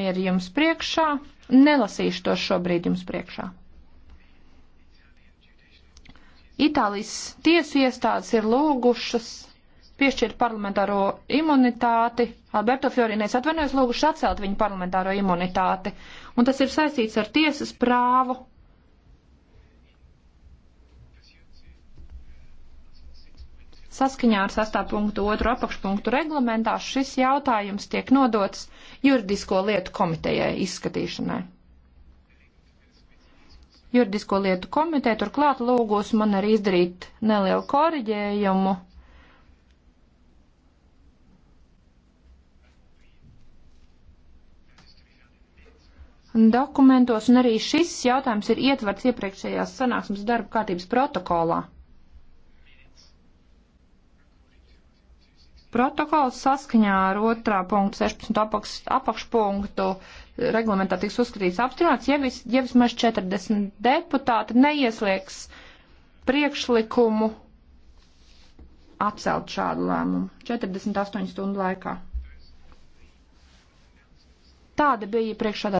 ir jums priekšā. Nelasīšu to šobrīd jums priekšā. Itālijas tiesu iestādes ir lūgušas piešķirt parlamentāro imunitāti. Alberto Fiorinēs atvainojas lūguši atcelt viņu parlamentāro imunitāti. Un tas ir saistīts ar tiesas prāvu Saskaņā ar 6.2. apakšpunktu reglamentā šis jautājums tiek nodots juridisko lietu komitejai izskatīšanai. Juridisko lietu komiteja turklāt lūgos man arī izdarīt nelielu koriģējumu. dokumentos, un arī šis jautājums ir ietverts iepriekšējās sanāksmes darba kārtības protokolā. Protokols saskaņā ar 2. punktu 16. Apakš, apakšpunktu reglamentā tiks uzskatīts apstiprināts, ja, vis, ja vismaz 40 deputāti neiesliegs priekšlikumu atcelt šādu lēmumu 48 stundu laikā. Tāda bija priekšādā.